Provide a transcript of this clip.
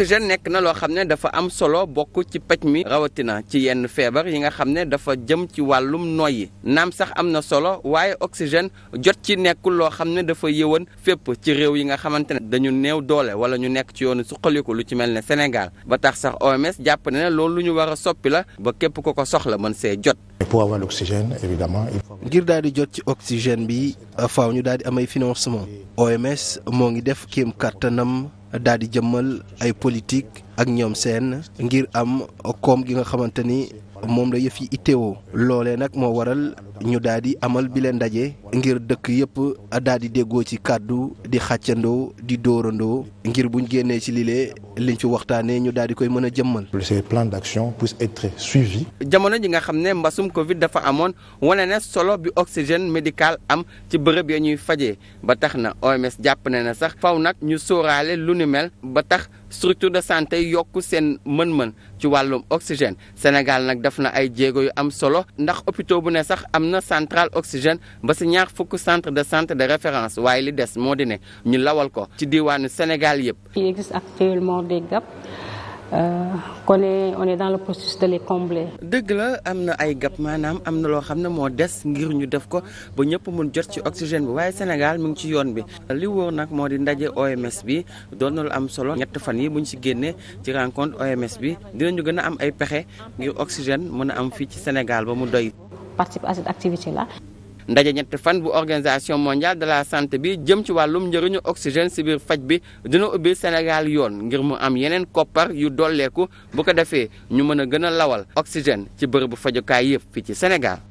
oxygène nekk na loo xam ne dafa am solo bokk ci paj mi rawatina ci yenn feebar yi nga xam ne dafa jëm ci wàllum yi naam sax am na solo waaye oxygène jot ci nekkul loo xam ne dafa yëwan fépp ci réew yi nga xamante ne dañu néew doole wala ñu nekk ci yoonu suqaliku lu ci mel ne Sénégal ba tax sax OMS jàpp na ne loolu lu ñu war a soppi la ba képp ko ko soxla mën see jot. pour avoir l'oxygène ngir daal di jot ci oxygène bi faaw ñu daal di amay financement. OMS moo ngi def kéem kattanam. daal di jëmmal ay politique ak ñoom seen ngir am koom gi nga xamante ni moom la yëf yi itteewoo loolee nag moo waral ñu daal di amal bi leen ndaje ngir dëkk yëpp daal di déggoo ci kàddu di xàccandoo di dóorandoo ngir buñ génnee ci lile liñ ci waxtaanee ñu daal di koy mën a jëmmal. ces plans d'action puissent être suivis. jamono ji nga xam ne mbasum Covid dafa amoon wane ne solo bi oxygène médical am ci bërëb ya ñuy faje ba tax na OMS jàpp ne na sax faw nag ñu sóoraale lu ni mel ba tax yokk seen mën-mën ci wàllum oxygène Sénégal nag def na ay jéego yu am solo ndax hôpital bu ne sax am na central oxygène ba si ñaar fukk centre de santé de référence waaye li des moo di ne ñu lawal ko ci diwaanu Sénégal yëpp. il existe actuellement des GAP. qu'on euh, est dans le processus de dëgg la am na ay gap maanaam am na loo xam ne moo des ngir ñu def ko ba ñëpp mun jot ci oxygène bi waaye Sénégal mu ngi ci yoon bi li wóor nag moo di ndaje OMS bi doon na lu am solo ñett fan yi bu ñu si génnee ci rencontre OMS bi dinañu gën a am ay pexe ngir oxygène mën a am fii ci Sénégal ba mu doy. participe à activité là. ndaje ñetti fan bu organisation mondiale de la santé bi jëm ci wàllum njëriñu oxygène si biir faj bi dina ubbi Sénégal yoon ngir mu am yeneen koppar yu dolleeku bu ko defee ñu mën a gën a lawal oxygène ci bërëbu fajukaay yëpp fii ci Sénégal.